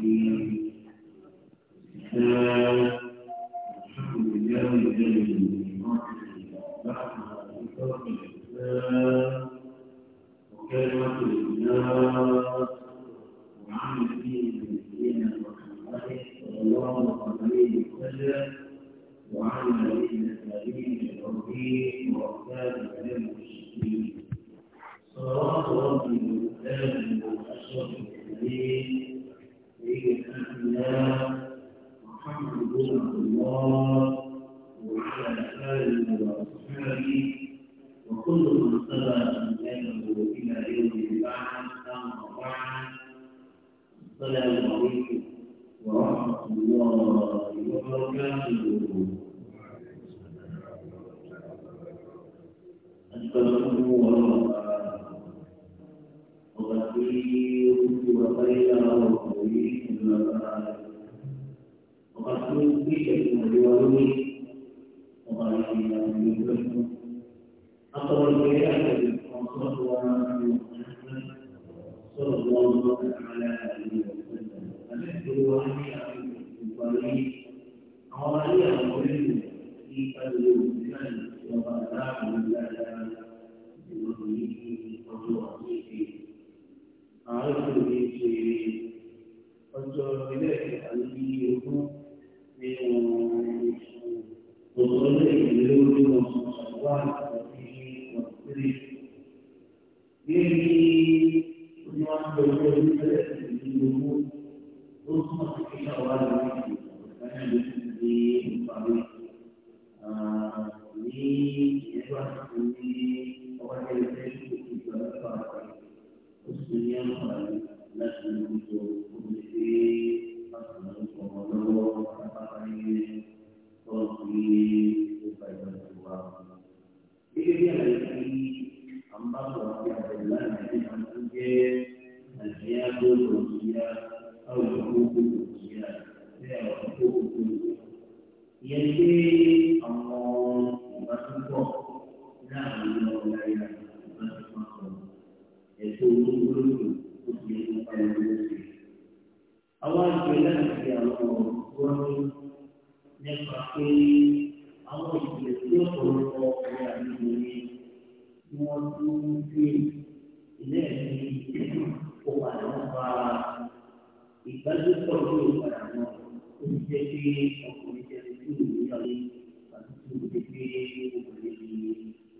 Be. والسلام ينبغي إلى يوم البعث أما بعد السلام عليكم ورحمة الله وبركاته أشكركم وأغفر وخير وخير وقد كنت بشيء وجوارني وقال إنه يبلغكم أقوى البيان وصلى الله على آله وسلم أشهد أن لا إله قال يا مريم في قلب الإنسان وغفران لله بوضعه وتوصيفه أعرف بشيء فانظر إليه أنبيه من وصول إليه وصلى الله sí níbi oní wọn tó ń lọ ní ẹlẹ́ ìdílé owó tó túmọ̀ sí kí náà wà lórí ìdílé náà ló ti di ìpàdé ní ẹgbẹ́ àti ní ọwọ́ ẹgbẹ́ tó ti gbà lọ́pàá ó sì ní àǹfààní láti lórí ìjọba. wọ́n tó ń gbé ilé ẹ̀mí kó wà lọ́wọ́ bá ìgbàlódé tọ́jú ìpadà náà ó ti jẹ́ pé ọkùnrin jẹ́ tí ò ní ọlé àti tí ò ti pé obìnrin ní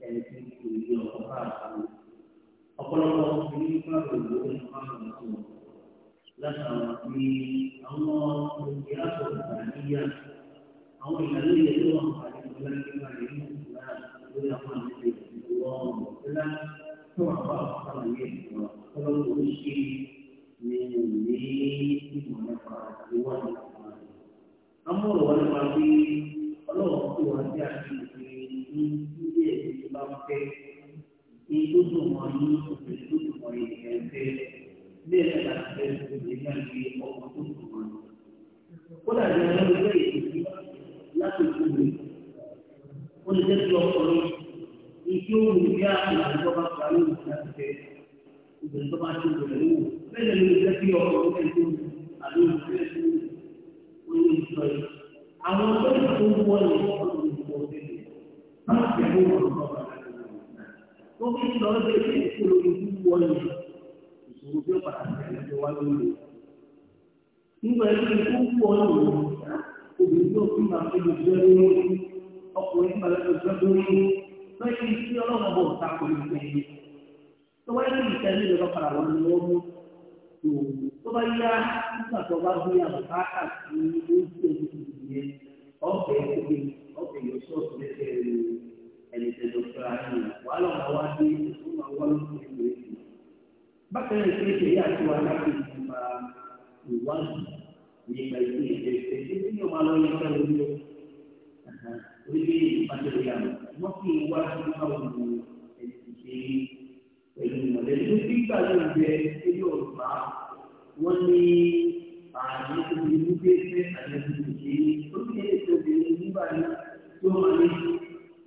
ẹni tí kò ní ọkọ̀ bá àbúrò. ọ̀pọ̀lọpọ̀ ọkùnrin bá rò lówó ní pàrọ̀ náà látara pé àwọn oúnjẹ àtọ̀gbà níyà àwọn ìyàlóye tó wà pàdé ọlọ́dún bá rẹ̀ ní lórí àwọn àmì الله عليه وسلم ثم أخبر صلى الله عليه وسلم شيء من ليل ونفع أمر ونفع wá lóore. Nígbà tí ó ń pọ̀ lòrò, obìnrin tó fi máa fi lè jẹ́ lórí, ọkùnrin máa lè jẹ́ lórí, lọ́yìn tí ọlọ́run bọ̀ ta kò lè tẹ̀lé. Tó wáyé ní ìtẹ́lẹ̀ ìjọba padà wọ́n ni wọ́n mú. Tó bá yá nígbà tó bá gbé àwọn káàkà sí ilé tí ó ti di yẹn, ọ̀fẹ́ ìgbé ọ̀fẹ́ yóò sọ̀tún lẹ́sẹ̀ ẹni tẹ̀lé ọ̀fẹ́ àárín wàhálà wà wá dé ìfúnmọ̀ wọ́n lọ́sọ̀rọ̀ bákan náà ìṣẹ̀lẹ̀ ìṣẹ̀lẹ̀ àti wà láti ìgbà ìwádìí nípa ìṣẹ̀lẹ̀ ìṣẹ̀lẹ̀ ìṣẹ̀lẹ̀ tí yóò máa lọ yẹ fẹ́ orí o orí ìbáṣẹ̀lẹ̀ yà wọ́n fi ìwádìí nípa òòlù ẹ̀sìn pẹ̀lú ìmọ̀lẹ́lẹ́ tó fi gbà ló ń bẹ ilé ọ̀gbà wọ́n ní ààrẹ tó fi mú pé pé ààrẹ tó fi ṣe é ó fi lè tó fi nígbà máa ní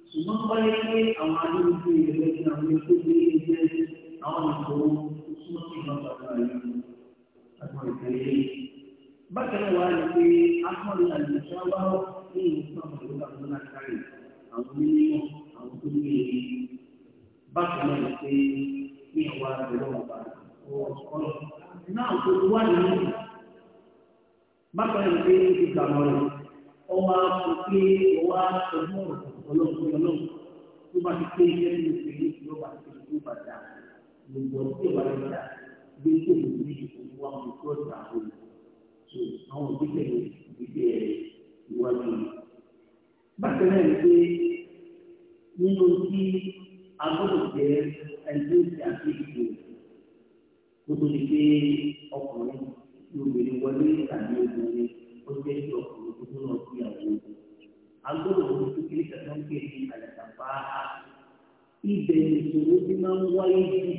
ṣùgbọ́n báyé pé àwọn adúlùfẹ́ ìrẹ̀lẹ́sìn àwọn ẹ̀kọ́ gbé ilé àwọn ìṣòro bákan wà ní pé ahọ́nù àlùfáà wà ní ìwòsàn àwọn àwọn alákàrí àwọn onímọ̀ àwọn tó ní èyí bákan wà ní pé ní ìwà àbẹ̀rẹ̀ ọ̀bà ọ̀rọ̀ náà tó wà nínú bákan wà pé ti gbàmọ̀ rẹ̀ ọwọ́ àpò pé ọwọ́ àpò tó bá ti pé iṣẹ́ nínú ìpínlẹ̀ ìjọba àti ìjọba dáa gbogbo ọtí ìwà ìgbà gbèsè lórí ìwà òkú ọ̀tà òun tó àwọn òbíkẹ́ ìgbésẹ̀ ìwájú rẹ̀. bákan náà ni pé nínú tí agbọ́dọ̀ jẹ́ ẹgbẹ́ ìṣe àti ìṣe kó tó di pé ọkùnrin lóbìnrin wọlé tàbí obìnrin ó jẹ́ kí ọkùnrin tó tó sí àwọn agbọ́dọ̀ wọlé tó kéré kàtàkì àlẹ́ ibẹ̀ ìṣòro tí máa ń wáyé jù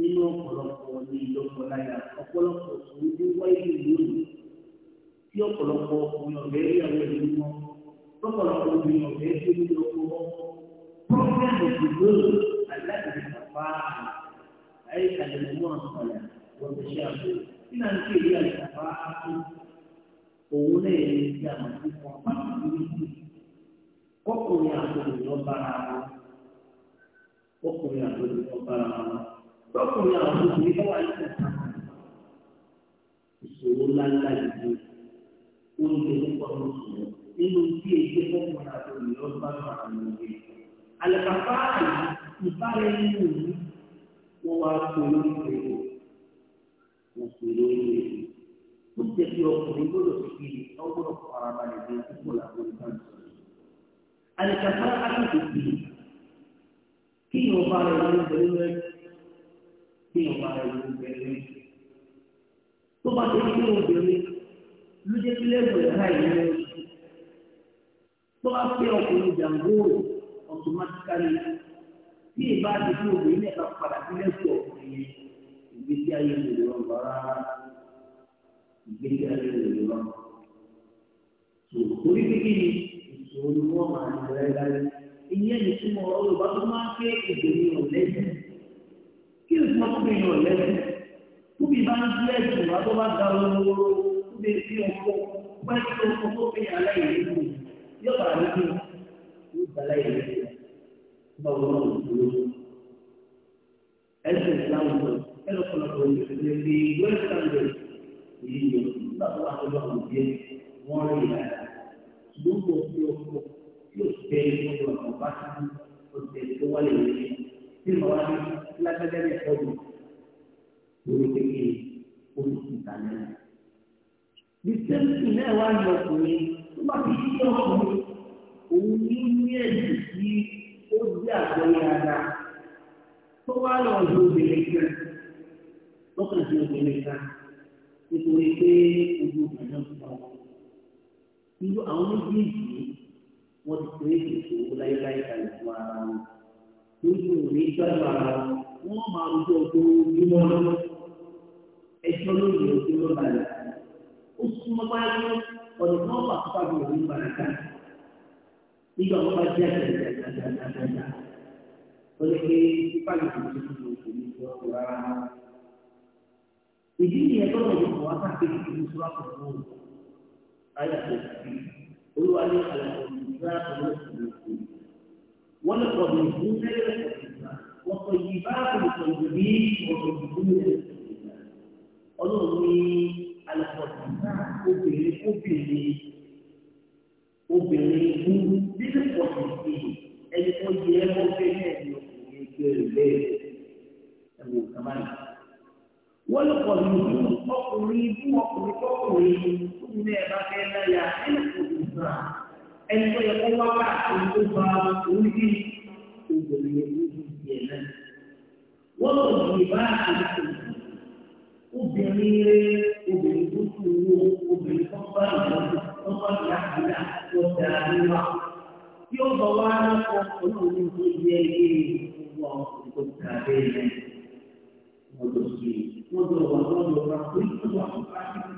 nínú ọ̀pọ̀lọpọ̀ ní ìdọ́kọ̀láyà ọ̀pọ̀lọpọ̀ ìṣòro tí wáyé jù lónìí tí ọ̀pọ̀lọpọ̀ ọkùnrin ọ̀gẹ́ ìyàwó ẹ̀mí wọn lọ́pọ̀lọpọ̀ obìnrin ọ̀gẹ́ tí ó ń lọ fún wọn. pọ́fẹ́ẹ̀mù ìgbòho aláìsí bàbá àìsàlẹ̀ mọ́ àǹfààní wọ́n ti ṣe àbò kí ọkùnrin àti obìnrin ọba lọkùnrin àwọn obìnrin tó wà nípa ìṣòro ńláńlá yìí oúnjẹ púpọ̀ ló sùn nínú tí èyí fọ́kùnrin àti obìnrin ọba lọ àwọn ọmọdé àlẹ́kàfà ìbára ẹni wò ní wọ́n wá pè lórí pèrè wọ́n pè lórí pèrè ó jẹ́ kí ọkùnrin gbọ́dọ̀ fi kiri ọgbọ́dọ̀ farabalẹ̀ bí púpọ̀ làwọn ìbánisọ̀rọ̀ àlẹ́kàfà àti òkè kí yóò bá rẹ̀ ló ń bẹ lórí ẹ̀ kí yóò bá rẹ̀ ló ń bẹ lórí ẹ̀. tó bá ti ní obìnrin ló jẹ́ kí lẹ́gbẹ̀ẹ́ ẹ̀ka ìlú ẹ̀ tó bá fẹ́ ọkùnrin jàǹgó ọ̀tọ̀mátíkálì tí ìbá ti fún obìnrin ẹ̀ka padà sí lẹ́gbẹ̀ẹ́ ọkùnrin yẹn ìgbésí ayé lè rọrùn rárá ìgbésí ayé lè rọrùn. Orí kékeré ìṣòro ni wọ́n máa ń rẹ́ láyé ìyẹn lè túmọ̀ Yorùbá tó máa ń pé ìgbèrè ọ̀lẹ́sìn kí o túmọ̀ tó bẹ̀rẹ̀ ọ̀lẹ́sìn tóbi bá ń gbé ẹ̀sùn wá tó bá ga olóró tóbi fi ọkọ pẹ́ tó kọ tó fi aláìlẹ́ ìlú yóò bá rí bí yóò bá aláìlẹ́ ìlú bá wọn lọ sí olóró ẹsẹ̀ ìlànà ẹ̀rọ kọlọ̀kọ̀ ìgbésẹ̀ ní west london ìyẹn yóò nígbà tó wà tó lọ́kùnrin wọ́n rí ìlànà gbogbo ọkọ̀ yóò ṣe gbogbo àwọn bá ti o ṣe tó wọlé yìí tí mo wá ní lágbẹ́dẹ́ ní ìtọ́jú lórí kékeré olùsìnkà náà. Bísẹ́ǹtì náà wá ní ọkùnrin tó bá fi yí ọkùnrin òun ní ní ẹ̀jẹ̀ tí ó jẹ́ àgbọ̀yé ara tó wá àwọn méjèèjì wọ́n ti pé ìṣòro láyéláyé kalẹ̀ fún ara wọn. Lójú òní gbàgbọ́ ara wọn, wọ́n máa rújọ ọjọ́ ojúmọ́ lọ. Ẹjọ́ lórí ojúmọ́ balẹ̀. Ó súnmọ́ báyìí ọ̀nà náà wà fún àgbọ̀n òní gbàgbà. Nígbà wọn bá jẹ́ àgbẹ̀ dàdàdàdàdà. Ó lè pe pípàlì tó ti fún mi kò ní í wọ́n kóra rárá. Ìdí nìyẹn tó lọ́wọ́ ìwà káàkiri ìlú Súrákùnrin náà. Ayàtọ̀ sí olúwa ní àlàyé والطيبات للطيبين والقبيحون للقبيحات والطيبات للطيبين والقبيحون للقبيحات ọlọ́run ní alàpọ̀tìmá obìnrin obìnrin obìnrin mú nínú pọ̀tìmí ẹni tó yẹ ẹ́ mọ́fẹ́ náà ni ọkùnrin ẹgbẹ́ rẹ̀ bẹ́ẹ̀ ẹ̀wọ̀n kàmáyà wọ́n lè pọ̀ ní ìlú ọkùnrin ibú ọkùnrin kọ́kùnrin tó ní ẹ̀ bá fẹ́ láyà ẹ̀ lè pọ̀ ní ìlú náà ẹni tó yẹ kó wá káàkiri tó bá orí obìnrin ojú ìyẹn náà. Wọ́n lọ sí ìbá àkókò obìnrin rẹ̀ obìnrin tó kú owó obìnrin tó bá ìlọ́dún tó bá ìyàgbéyà tó dára níwá. Tí ó bọ̀ wá lọ́kọ̀ olóòní tó yẹ ilé ìwọ̀ tó tàbí rẹ̀. Wọ́n lọ sí wọ́n lọ wà wọ́n lọ wà pé wọ́n wà fún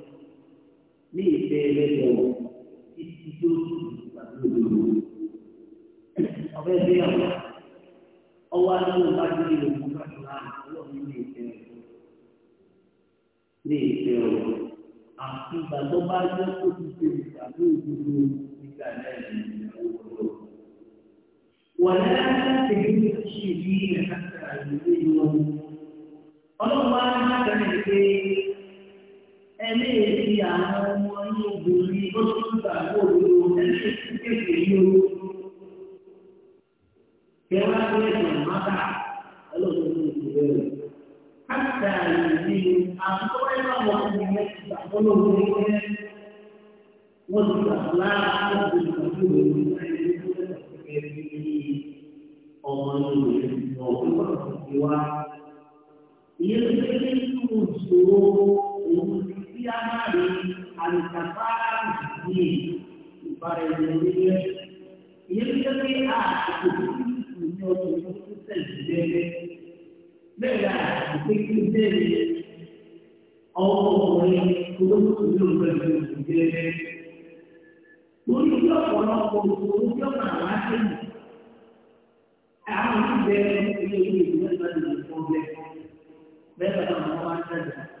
ní ìbéèrè lọ títí tó tàbí òdodo. ọ̀fẹ́ bí àwọn ọwọ́ àdúgbò bá ti di òkú kàtúrà ọlọ́run ní ìfẹ́ rẹ̀ ní ìfẹ́ rẹ̀ àti ìgbà bá jẹ́ kó ti ṣe tàbí òdodo nígbà náà ní ìyàwó wọ̀lẹ́ láti ní ṣì ní ẹ̀ka àgbègbè wọn ọlọ́run á ní àgbẹ̀rẹ̀ pé ẹlẹ́ẹ̀rí àwọn ọmọ yìí obìnrin ó ti ń gbà gbòòrò ẹlẹ́ẹ̀kú kéèké yìí o. Kẹ̀wá ló ń sọ̀rọ̀ mọ́tà ọlọ́run tó ti bẹ̀rẹ̀. Káàkiri àyè ni àwọn tó wáyé bá wọn ní ilé ti gbà fọ́lọ́ orí rẹ̀. Wọ́n ti gbà lára wọ́n ti gbà gbòòrò ẹni tó fẹ́ fẹ́ bí ọmọ yìí ọ̀gbìn kọ̀ọ̀kan ti wá. Ìyẹn ló fẹ́ kí n kú ìṣòro diamari al-kafar di para individuos y el que ha no se debe verá que debe o el grupo de un debe un yo conozco un yo más a un debe y el grupo de un debe verá que no va a ser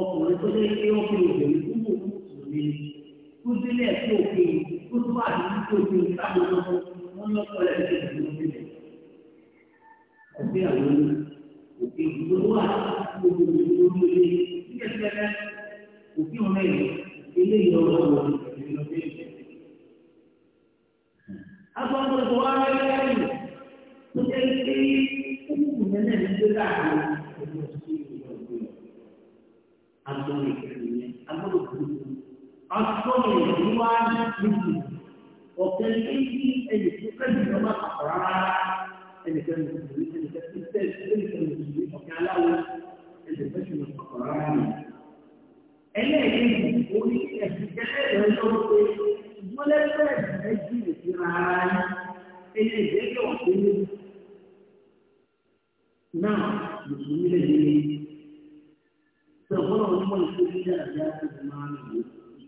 ọkùnrin tó lé pé ó fi obìnrin kú mú mùsùlùmí kú sílẹ̀ sí òfin kó tó wà ní kó tó ń sábò lọ́wọ́ wọn lọ́kọ̀ ní àwọn wà ilé tó الصنع الإيمان منه وكالإيدي أن تقدم ما أقرار أن كان المسلمين أن كان المسلمين وكان له أن تشمل أقرار ألا يجب أن يتكلم الأوروبي ولا تجد الإيران أن يجب أن نعم مسلمين لديه فهو هو الذي لا يأخذ معنا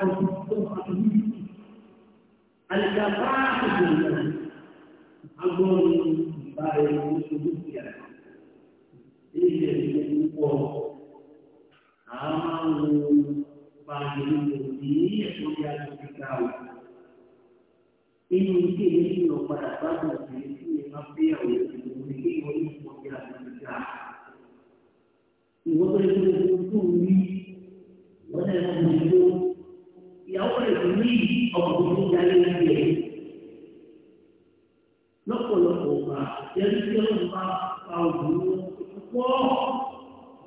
Al-Jabah Al-Jabah Al-Jabah Al-Jabah Al-Jabah Al-Jabah al Ini mungkin ini yang pada tahu Ini yang mampu yang memiliki Ini yang mampu yang memiliki Ini yang ọkùnrin ní ìyálé lẹ́yìn rẹ̀. lọ́pọ̀lọpọ̀ ọ̀gá yẹn tí wọ́n bá pa obìnrin pọ̀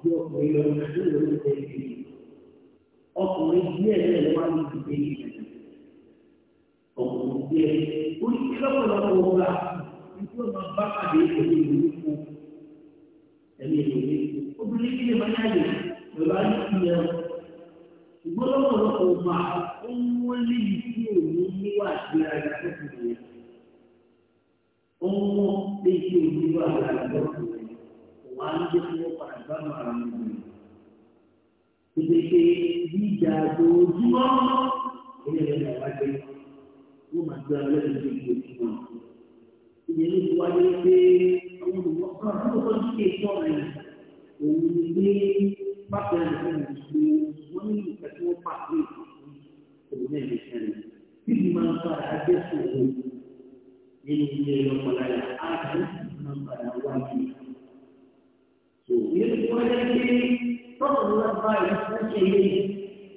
ju ọkùnrin lọ sí ìlú ìdẹ́gbẹ́ ọkùnrin díẹ̀ náà ló wá ní ìdẹ́gbẹ́ ọkùnrin díẹ̀ oríṣi lọ́pọ̀lọpọ̀ ọ̀gá ìdí ọmọ bá pàdé ìdí ìlú kú ẹ̀mí ìlú kú obìnrin kí ni bá yá lè lọ́ba ní ìyẹn ìgbọ́dọ̀ pọ̀lọpọ̀ ọ̀gá ń wọlé ìdí òní níwà ìgbéraga tó ti rè é. Ó ń wọ́n lé ìdí òní níwà ìgbéraga tó ti rè é. Òwò á ń jẹ́ kí wọ́n padà bá mọ ara mi rè é. Ìdèkè ìjà àjòjúmọ́ ilé ìrìn àwọn àgbẹ̀ wọ́n máa gbé ara lẹ́nu tó ti ojúmọ́. Ìyẹn ló ti wáyé pé àwọn olùkọ́ kan tó kọ́ sí ètò rẹ̀ òun ní pé pápẹ́ rẹ̀ fún ìṣòro wọ́n ní ìfẹ́ tí wọ́n pàṣẹ òun lè ṣẹlẹ̀ bí mi máa ń padà dé sòwò nínú ilé ọ̀pọ̀láyà àti máa ń padà wá sí i. Òun yẹn ti wáyé pé tọ́kọ̀ ló bá ìfúnṣe yé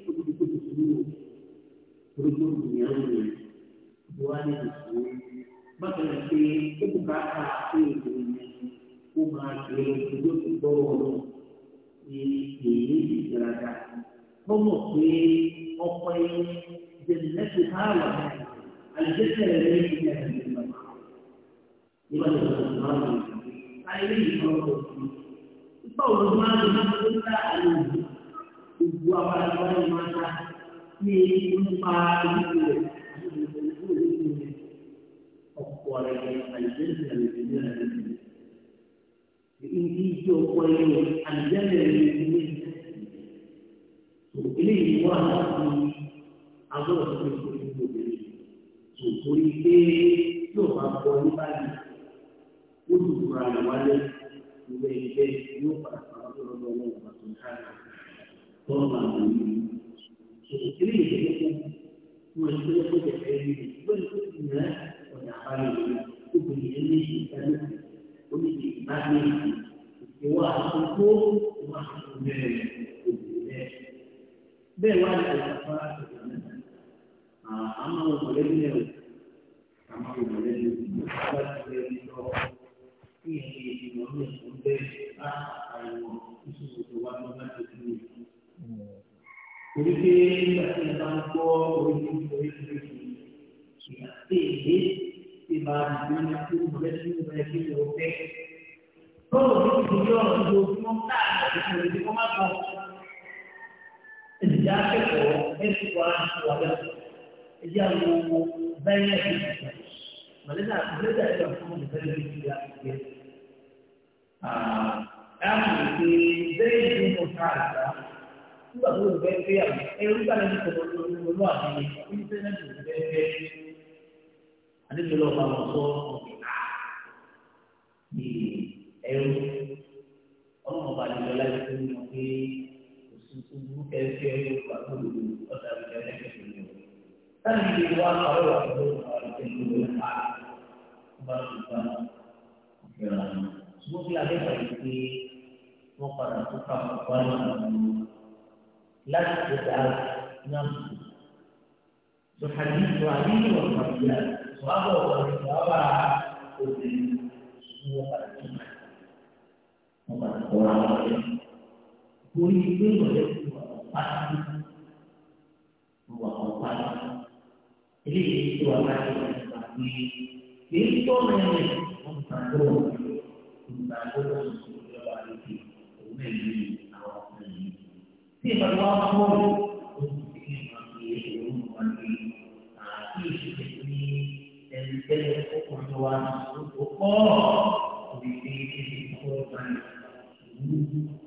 olùdókòwò sùúrù olùdókòwò ìyàwó rẹ̀ ló wá ní ìsòwò. Bákan náà pé ó kò bá ká pé èdè rẹ̀ ó máa ṣe ìdókòwò tó gbọ́rọ̀ lọ ní èyí ìgbéraga. Wọ́n mọ̀ pé أقي جنتها ومالها الجنة التي فيها الجنة لمن الله فإليه مرض القول ما إلا أنه هو قال ما في مقابل أقوى الجنة التي فيها الجنة بإن إيجو قوي الجنة التي فيها náà fi agbọ́dọ̀ tó fi kó ìlú obìnrin tó torí pé yóò bá bọ ní báyìí ó sì fura rẹ̀ wálé ìwé ìgbẹ́ yóò padà pàmò tó lọ́wọ́ wọn wà tó ń ká tó ń bá wọn yìí. Ìṣèlú ìṣèlú fún wọn ṣe é kó tẹ̀lé ní ìgbẹ́ni tó ti yẹ ọ̀dà àbáyọ̀ obìnrin yẹn ní ìdájọ́ oníṣẹ́ ìbáṣẹ́ ìwà àkókò ìwà àkókò mẹ́rin bẹ́ẹ̀ wá ní àyàfà àmọ́ mọ̀lẹ́bí rẹ̀ o àmọ́ mọ̀lẹ́bí o bá ti rẹ̀ ní lọ kí ẹni ìdìbò ní ìfún bẹ́ẹ̀ á àyẹ̀wò ìṣòro tó wá lọ́wọ́ láti fi lè fi. Torí pé nígbà tí ẹ bá ń gbọ́ orí oríṣiríṣi ìyàtí èdè ti máa dìbò ní kí mọ̀lẹ́bí rẹ̀ kí lè fẹ́. Bọ́ọ̀lù ti di ọ̀rọ̀ ìjọ ojúmọ́ káàkiri ìyá akẹ́kọ̀ọ́ ẹ̀sùn wa wà lẹ́kọ̀ọ́ ẹ̀yà wo bẹ́ẹ̀ ẹ̀sùn ìgbà mọ̀lẹ́dà mọ̀lẹ́dà ẹ̀yà fún olùfẹ́lẹ́ ní ìyá ìgbẹ́. Ààbò ìpè bẹ́ẹ̀ ìlú mọ̀ sáà àgbà nígbà tó lè fẹ́ àwọn ẹ̀rú gbà lẹ́nu kọ̀ọ̀kan olú àbíyẹ íńtánẹ́ẹ̀tì ló fẹ́ fẹ́ àdébí lọ́ọ́ bá wọn sọ ọ̀gbìn á ní ẹ̀rú ọlọ́mọba àdébí ọlá ìfẹ́ mi wọn pé tuntun ẹsẹ̀ yóò fà lóru ọ̀tà ìjọba ẹ̀kẹ́ tó lọ. Táyì lè wá àwọn ọ̀rọ̀ tó ń fa ìjọba ìjọba ìfà bá ti bá ìjọba náà. Ṣùgbọ́n kí adé bá yìí pé wọ́n padà tó ká wọn wá orí ilé ìwọlé fún wa pàtàkì wà wọn pàtàkì eléyìí tó wà láti wọn nípa pé kì í tó mẹ́rin wọn nípa tó wọn nípa tó wọn ìjọba àlejò òun náà ní àwọn ọmọ yìí tí ìbá wa mọ o ti ní ìwà pé òun wà ní àti ìṣẹ̀lẹ̀ ní ẹni tẹ́lẹ̀ ọkùnrin wa ló kọ́ orí ilé ìwọlé fún wa.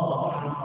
الله